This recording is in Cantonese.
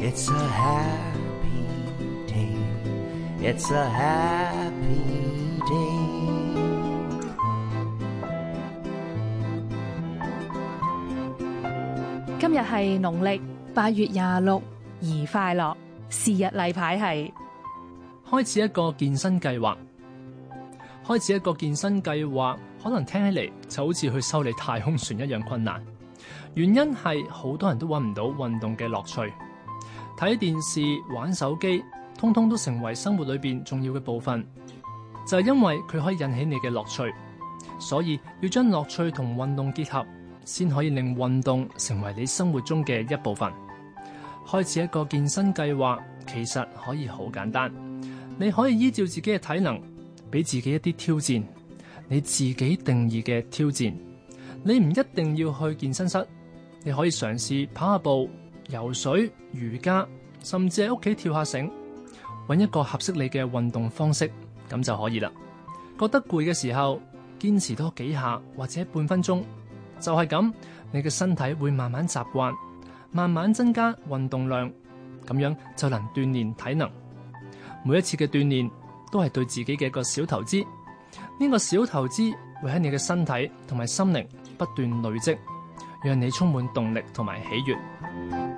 It's a happy day. It's a happy day. 今日係農曆八月廿六，而快樂是日例牌係開始一個健身計劃。開始一個健身計劃，可能聽起嚟就好似去修理太空船一樣困難。原因係好多人都揾唔到運動嘅樂趣。睇電視、玩手機，通通都成為生活裏邊重要嘅部分。就係因為佢可以引起你嘅樂趣，所以要將樂趣同運動結合，先可以令運動成為你生活中嘅一部分。開始一個健身計劃，其實可以好簡單。你可以依照自己嘅體能，俾自己一啲挑戰，你自己定義嘅挑戰。你唔一定要去健身室，你可以嘗試跑下步。游水、瑜伽，甚至喺屋企跳下繩，揾一個合適你嘅運動方式，咁就可以啦。覺得攰嘅時候，堅持多幾下或者半分鐘，就係咁，你嘅身體會慢慢習慣，慢慢增加運動量，咁樣就能鍛煉體能。每一次嘅鍛煉都係對自己嘅一個小投資，呢個小投資會喺你嘅身體同埋心靈不斷累積，讓你充滿動力同埋喜悦。